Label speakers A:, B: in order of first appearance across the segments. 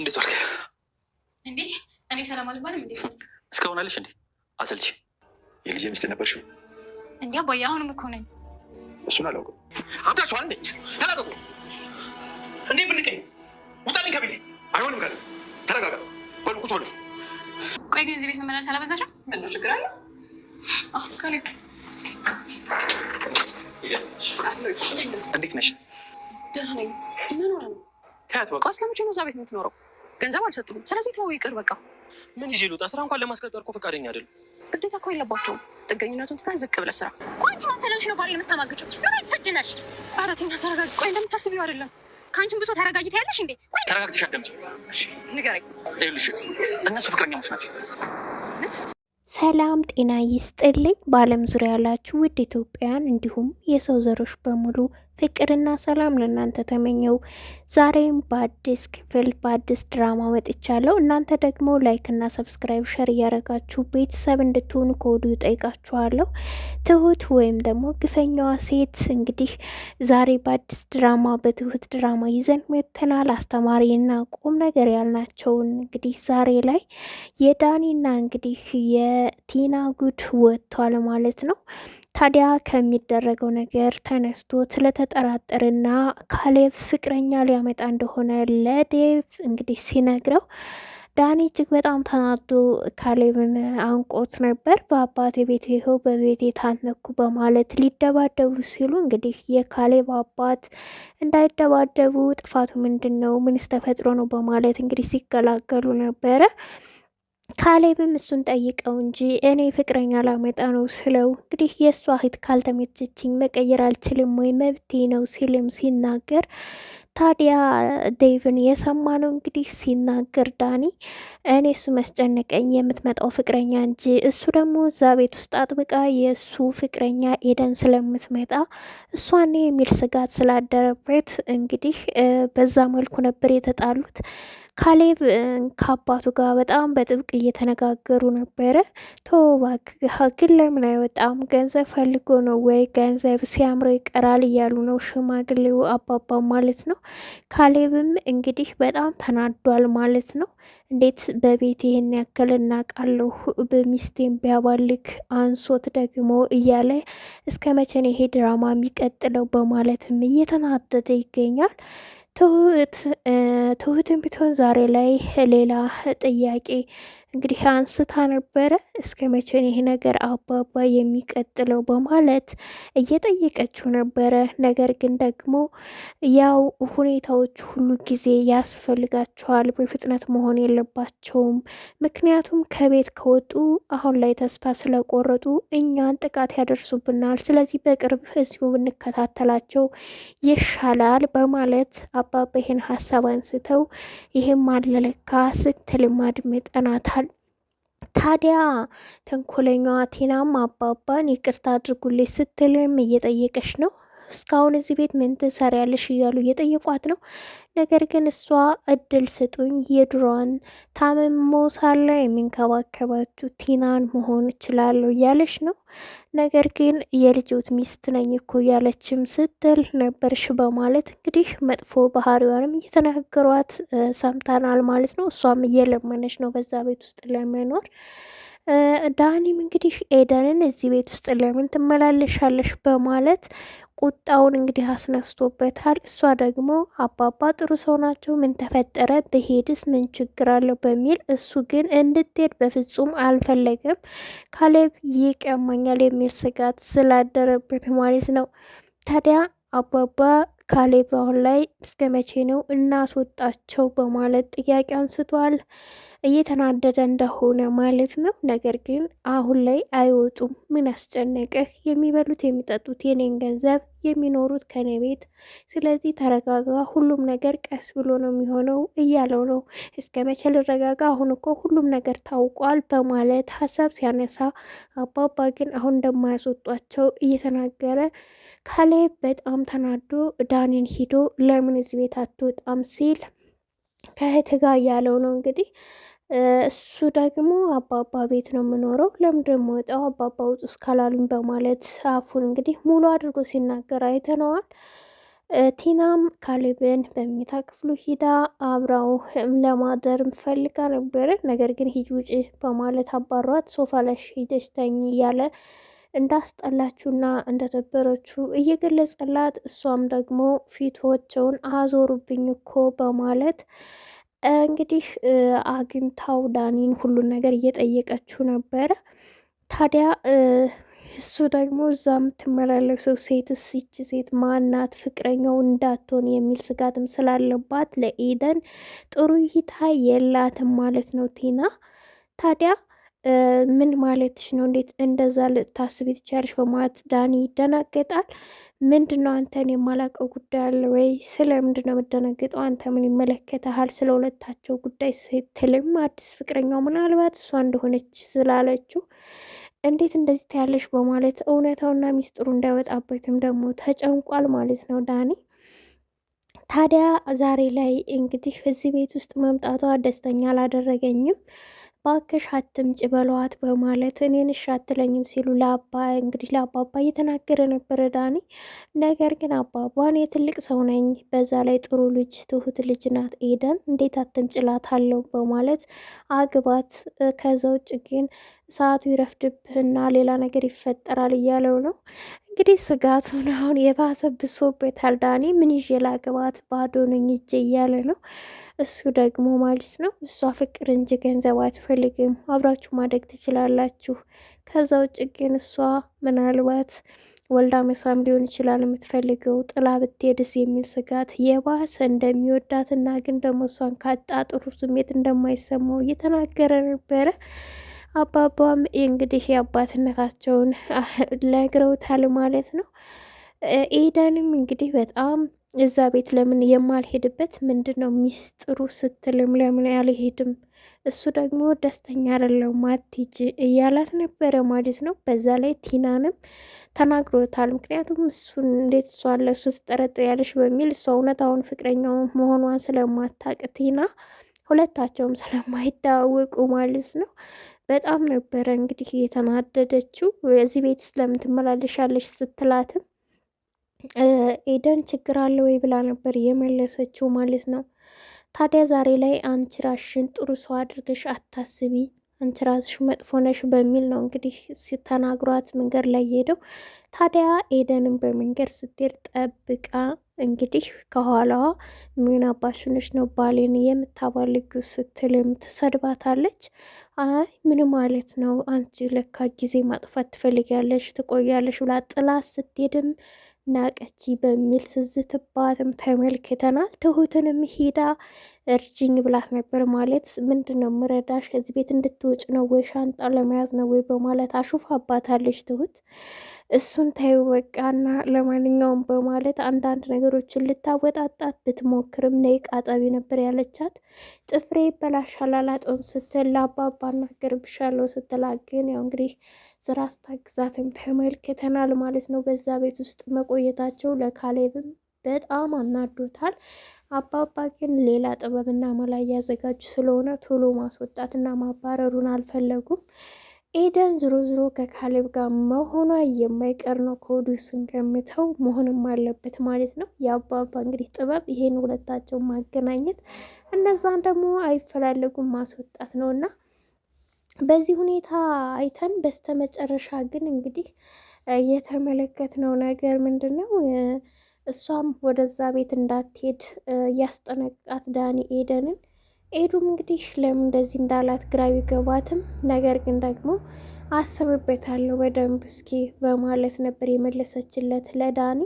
A: እንዴት ዋልክ? እንዴ እኔ ሰላም አልባልም። እንዴ እስካሁን አለሽ እንዴ? አሰልች የልጅ ሚስት ነበርሽ
B: እንዲያ አባዬ አሁንም እኮ ነኝ።
A: እሱን አላውቅም። አብዳችኋል እንዴ? ተላቀቁ እንዴ! ብንቀኝ ውጣልኝ ከቤቴ። አይሆንም ካለ ተረጋጋ። በሉ ቁጭ
B: ቆይ ግን እዚህ ቤት መመላለስ አላበዛሽም?
C: ምነው ችግር አለ? እንዴት ነሽ? ደህና ነኝ። ምን ሆነ ነው?
A: ታያት በቃ
B: ስለምቼ ነው እዛ ቤት የምትኖረው? ገንዘብ አልሰጡም። ስለዚህ ተወው ይቅር በቃ።
A: ምን ይዤ ልውጣ? ስራ እንኳን ለማስቀጠር እኮ ፈቃደኛ አይደለም።
B: ግዴታ እኮ የለባቸውም። ጥገኝነቱን ትተን ዝቅ ብለህ ስራ። ቆይ ተለሽ ነው ባል የምታማግጭው? ምን ስድነሽ?
C: ኧረ ቲና ተረጋጊ። ቆይ እንደምታስቢው አይደለም።
B: ከአንቺም ብሶ ተረጋጊት ያለሽ እንዴ?
A: ቆይ ተረጋግተሽ አደምጭ ንገረኝ። ይኸውልሽ እነሱ ፍቅረኛሞች ናቸው።
D: ሰላም ጤና ይስጥልኝ። በዓለም ዙሪያ ያላችሁ ውድ ኢትዮጵያውያን እንዲሁም የሰው ዘሮች በሙሉ ፍቅርና ሰላም ለእናንተ ተመኘው። ዛሬም በአዲስ ክፍል በአዲስ ድራማ መጥቻለሁ። እናንተ ደግሞ ላይክና ሰብስክራይብ፣ ሸር እያደረጋችሁ ቤተሰብ እንድትሆኑ ከወዲሁ ጠይቃችኋለሁ። ትሁት ወይም ደግሞ ግፈኛዋ ሴት እንግዲህ ዛሬ በአዲስ ድራማ በትሁት ድራማ ይዘን መጥተናል። አስተማሪና ቁም ነገር ያልናቸውን እንግዲህ ዛሬ ላይ የዳኒና እንግዲህ የቲና ጉድ ወጥቷል ማለት ነው። ታዲያ ከሚደረገው ነገር ተነስቶ ስለተጠራጠርና ካሌብ ፍቅረኛ ሊያመጣ እንደሆነ ለዴቭ እንግዲህ ሲነግረው ዳኒ እጅግ በጣም ተናዶ ካሌብን አንቆት ነበር። በአባቴ ቤት ይኸው በቤቴ ታነኩ በማለት ሊደባደቡ ሲሉ እንግዲህ የካሌብ አባት እንዳይደባደቡ ጥፋቱ ምንድን ነው? ምንስ ተፈጥሮ ነው? በማለት እንግዲህ ሲገላገሉ ነበረ። ካሌብም እሱን ጠይቀው እንጂ እኔ ፍቅረኛ ላመጣ ነው ስለው እንግዲህ የእሷ እህት ካልተመቸችኝ መቀየር አልችልም ወይ መብቴ ነው ሲልም ሲናገር ታዲያ ዴቭን የሰማ ነው እንግዲህ ሲናገር ዳኒ እኔ እሱ መስጨነቀኝ የምትመጣው ፍቅረኛ እንጂ እሱ ደግሞ እዛ ቤት ውስጥ አጥብቃ የእሱ ፍቅረኛ ኤደን ስለምትመጣ እሷን የሚል ስጋት ስላደረበት እንግዲህ በዛ መልኩ ነበር የተጣሉት። ካሌብ ከአባቱ ጋር በጣም በጥብቅ እየተነጋገሩ ነበረ። ተው ግን ለምን አይወጣም? ገንዘብ ፈልጎ ነው ወይ? ገንዘብ ሲያምረው ይቀራል እያሉ ነው ሽማግሌው አባባ ማለት ነው። ካሌብም እንግዲህ በጣም ተናዷል ማለት ነው። እንዴት በቤት ይህን ያክል እናቃለሁ በሚስቴን ቢያባልግ አንሶት ደግሞ እያለ እስከ መቼ ይሄ ድራማ የሚቀጥለው? በማለትም እየተናደደ ይገኛል። ትሁት ትሁትም ቢትሆን ዛሬ ላይ ሌላ ጥያቄ እንግዲህ አንስታ ነበረ። እስከ መቼን ይሄ ነገር አባባ የሚቀጥለው በማለት እየጠየቀችው ነበረ። ነገር ግን ደግሞ ያው ሁኔታዎች ሁሉ ጊዜ ያስፈልጋቸዋል፣ በፍጥነት መሆን የለባቸውም። ምክንያቱም ከቤት ከወጡ አሁን ላይ ተስፋ ስለቆረጡ እኛን ጥቃት ያደርሱብናል። ስለዚህ በቅርብ እዚሁ ብንከታተላቸው ይሻላል በማለት አባባ ይህን ሀሳብ አንስተው ይህም አለለካ ስትልም አድምጠናታል። ታዲያ ተንኮለኛዋ ቴናም አባባን ይቅርታ አድርጉልኝ ስትልም እየጠየቀች ነው። እስካሁን እዚህ ቤት ምን ትሰሪያለሽ እያሉ እየጠየቋት ነው። ነገር ግን እሷ እድል ስጡኝ የድሮዋን ታምሞ ሳለ የሚንከባከባችሁ ቲናን መሆን እችላለሁ እያለች ነው። ነገር ግን የልጆት ሚስት ነኝ እኮ እያለችም ስትል ነበርሽ በማለት እንግዲህ መጥፎ ባህሪዋንም እየተናገሯት ሰምተናል ማለት ነው። እሷም እየለመነች ነው በዛ ቤት ውስጥ ለመኖር ዳኒም እንግዲህ ኤደንን እዚህ ቤት ውስጥ ለምን ትመላለሻለሽ በማለት ቁጣውን እንግዲህ አስነስቶበታል። እሷ ደግሞ አባባ ጥሩ ሰው ናቸው፣ ምን ተፈጠረ በሄድስ ምን ችግር አለው በሚል እሱ ግን እንድትሄድ በፍጹም አልፈለገም። ካሌብ ይቀማኛል የሚል ስጋት ስላደረበት ማለት ነው። ታዲያ አባባ ካሌብ አሁን ላይ እስከ መቼ ነው እናስወጣቸው በማለት ጥያቄ አንስቷል። እየተናደደ እንደሆነ ማለት ነው። ነገር ግን አሁን ላይ አይወጡም፣ ምን አስጨነቀህ? የሚበሉት የሚጠጡት የኔን ገንዘብ፣ የሚኖሩት ከኔ ቤት። ስለዚህ ተረጋጋ፣ ሁሉም ነገር ቀስ ብሎ ነው የሚሆነው እያለው ነው። እስከ መቼ ልረጋጋ? አሁን እኮ ሁሉም ነገር ታውቋል በማለት ሀሳብ ሲያነሳ፣ አባባ ግን አሁን እንደማያስወጧቸው እየተናገረ ካሌ በጣም ተናዶ ዳኒን ሂዶ ለምን እዚህ ቤት አትወጣም ሲል ከእህት ጋር እያለው ነው እንግዲህ እሱ ደግሞ አባባ ቤት ነው የምኖረው፣ ለምንድን ነው የምወጣው አባባ ውጡ እስካላሉኝ በማለት አፉን እንግዲህ ሙሉ አድርጎ ሲናገር አይተነዋል። ቲናም ካሌብን በመኝታ ክፍሉ ሂዳ አብራው ለማደር ፈልጋ ነበረ። ነገር ግን ሂጅ ውጭ በማለት አባሯት ሶፋ ላይ ሂደሽ ተኝ እያለ እንዳስጠላችሁና እንደደበረችሁ እየገለጸላት እሷም ደግሞ ፊቶቸውን አዞሩብኝ እኮ በማለት እንግዲህ አግኝታው ዳኒን ሁሉን ነገር እየጠየቀችው ነበረ። ታዲያ እሱ ደግሞ እዛ የምትመላለሰው ሴትስ ይቺ ሴት ማናት ፍቅረኛው እንዳትሆን የሚል ስጋትም ስላለባት ለኤደን ጥሩ እይታ የላትም ማለት ነው ቲና ታዲያ ምን ማለትሽ ነው? እንዴት እንደዛ ልታስብ ትችያለሽ? በማለት ዳኒ ይደናገጣል። ምንድነው አንተን የማላውቀው ጉዳይ አለ ወይ? ስለ ምንድን ነው የምደነግጠው? አንተ ምን ይመለከተሃል? ስለ ሁለታቸው ጉዳይ ስትልም አዲስ ፍቅረኛው ምናልባት እሷ እንደሆነች ስላለችው እንዴት እንደዚህ ታያለሽ? በማለት እውነታውና ሚስጥሩ እንዳይወጣበትም ደግሞ ተጨንቋል ማለት ነው ዳኒ። ታዲያ ዛሬ ላይ እንግዲህ እዚህ ቤት ውስጥ መምጣቷ ደስተኛ አላደረገኝም። ባክሽ አትምጭ በለዋት በማለት እኔን እሺ አትለኝም ሲሉ ለአባ እንግዲህ ለአባባ እየተናገረ ነበረ ዳኒ። ነገር ግን አባባ እኔ ትልቅ ሰው ነኝ፣ በዛ ላይ ጥሩ ልጅ ትሁት ልጅ ናት ኤደን፣ እንዴት አትምጭላት አለው በማለት አግባት። ከዛ ውጭ ግን ሰዓቱ ይረፍድብህና ሌላ ነገር ይፈጠራል እያለው ነው። እንግዲህ ስጋቱን አሁን የባሰ ብሶበታል። ዳኒ ምን ይዤ ላገባት ባዶ ነኝ እጄ እያለ ነው። እሱ ደግሞ ማለት ነው እሷ ፍቅር እንጂ ገንዘብ አትፈልግም፣ አብራችሁ ማደግ ትችላላችሁ። ከዛ ውጭ ግን እሷ ምናልባት ወልዳ መሳም ሊሆን ይችላል የምትፈልገው ጥላ ብትሄድስ የሚል ስጋት የባሰ እንደሚወዳትና ግን ደግሞ እሷን ካጣ ጥሩ ስሜት እንደማይሰማው እየተናገረ ነበረ። አባባም እንግዲህ የአባትነታቸውን ነግረውታል ማለት ነው። ኤደንም እንግዲህ በጣም እዛ ቤት ለምን የማልሄድበት ምንድን ነው ሚስጥሩ ስትልም ለምን አልሄድም እሱ ደግሞ ደስተኛ አይደለም አትሂጂ እያላት ነበረ ማለት ነው። በዛ ላይ ቲናንም ተናግሮታል። ምክንያቱም እሱ እንዴት እሷን እሱ ትጠረጥር ያለሽ በሚል እሷ አሁን ፍቅረኛው መሆኗን ስለማታቅ ቲና ሁለታቸውም ስለማይታወቁ ማለት ነው በጣም ነበረ እንግዲህ የተናደደችው። እዚህ ቤት ስለምን ትመላለሻለች ስትላትም ኤደን ችግር አለ ወይ ብላ ነበር የመለሰችው ማለት ነው። ታዲያ ዛሬ ላይ አንቺ ራሽን ጥሩ ሰው አድርገሽ አታስቢ አንቺ ራስሽ መጥፎ ነሽ በሚል ነው እንግዲህ ሲተናግሯት መንገድ ላይ ሄደው። ታዲያ ኤደንን በመንገድ ስትሄድ ጠብቃ እንግዲህ ከኋላዋ ምን አባሽነሽ ነው ባሌን የምታባልግ ስትል ትሰድባታለች። አይ ምን ማለት ነው አንቺ ለካ ጊዜ ማጥፋት ትፈልጊያለሽ ትቆያለሽ ብላ ጥላ ስትሄድም ናቀቺ በሚል ስዝትባትም ተመልክተናል። ትሁትንም ሂዳ እርጅኝ ብላት ነበር። ማለት ምንድን ነው ምረዳሽ? ከዚህ ቤት እንድትውጭ ነው ወይ ሻንጣ ለመያዝ ነው ወይ በማለት አሹፍ አባታለች ትሁት። እሱን ታዩ በቃና ለማንኛውም በማለት አንዳንድ ነገሮችን ልታወጣጣት ብትሞክርም ነይ ቃጠቢ ነበር ያለቻት። ጥፍሬ ይበላሻል አላጠውም ስትል ለአባባ እናገርብሻለሁ ስትላት ግን ያው እንግዲህ ስራ አስታግዛትም ተመልክተናል ማለት ነው። በዛ ቤት ውስጥ መቆየታቸው ለካሌብም በጣም አናዶታል። አባባ ግን ሌላ ጥበብና መላ እያዘጋጁ ስለሆነ ቶሎ ማስወጣትና ማባረሩን አልፈለጉም። ኤደን ዝሮ ዝሮ ከካሌብ ጋር መሆኗ የማይቀር ነው። ከወዲሁ ስንገምተው መሆንም አለበት ማለት ነው። የአባባ እንግዲህ ጥበብ ይሄን ሁለታቸውን ማገናኘት፣ እነዛን ደግሞ አይፈላለጉም ማስወጣት ነው እና በዚህ ሁኔታ አይተን በስተመጨረሻ ግን እንግዲህ የተመለከትነው ነገር ምንድን ነው? እሷም ወደዛ ቤት እንዳትሄድ እያስጠነቃት ዳኒ ኤደንን ኤዱም እንግዲህ ለምን እንደዚህ እንዳላት ግራ ቢገባትም ነገር ግን ደግሞ አስብበታለሁ በደንብ እስኪ በማለት ነበር የመለሰችለት ለዳኒ።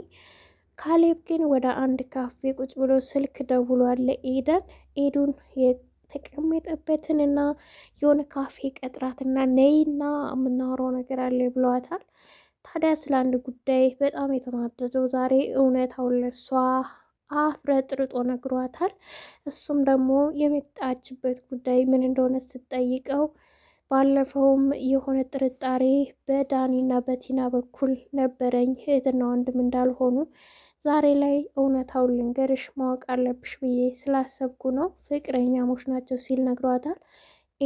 D: ካሌብ ግን ወደ አንድ ካፌ ቁጭ ብሎ ስልክ ደውሏል ኤደን ኤዱን የተቀመጠበትንና የሆነ ካፌ ቀጥራትና ነይና የምናወራው ነገር አለ ብለዋታል። ታዲያ ስለ አንድ ጉዳይ በጣም የተናደደው ዛሬ እውነታውን ለሷ አፍረጥርጦ ነግሯታል። እሱም ደግሞ የመጣችበት ጉዳይ ምን እንደሆነ ስትጠይቀው ባለፈውም የሆነ ጥርጣሬ በዳኒና በቲና በኩል ነበረኝ እህትና ወንድም እንዳልሆኑ ዛሬ ላይ እውነታውን ልንገርሽ ማወቅ አለብሽ ብዬ ስላሰብኩ ነው፣ ፍቅረኛሞች ናቸው ሲል ነግሯታል።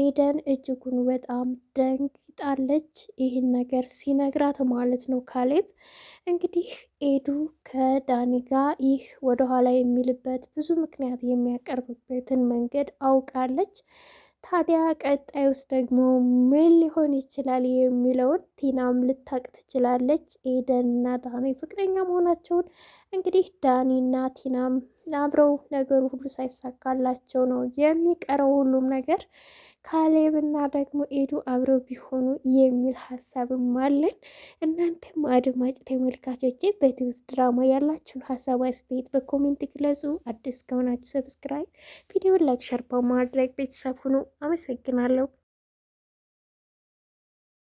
D: ኤደን እጅጉን በጣም ደንግጣለች፣ ይህን ነገር ሲነግራት ማለት ነው። ካሌብ እንግዲህ ኤዱ ከዳኒ ጋር ይህ ወደኋላ የሚልበት ብዙ ምክንያት የሚያቀርብበትን መንገድ አውቃለች። ታዲያ ቀጣይ ውስጥ ደግሞ ምን ሊሆን ይችላል የሚለውን ቲናም ልታቅ ትችላለች። ኤደን እና ዳኒ ፍቅረኛ መሆናቸውን እንግዲህ ዳኒና ቲናም አብረው ነገሩ ሁሉ ሳይሳካላቸው ነው የሚቀረው። ሁሉም ነገር ካሌብና ደግሞ ኤዱ አብረው ቢሆኑ የሚል ሀሳብም አለን። እናንተም አድማጭ ተመልካቾቼ በትሁት ድራማ ያላችሁን ሀሳብ አስተያየት በኮሜንት ግለጹ። አዲስ ከሆናችሁ ሰብስክራይብ፣ ቪዲዮን ላይክ፣ ሸር በማድረግ ቤተሰብ ሁኑ። አመሰግናለሁ።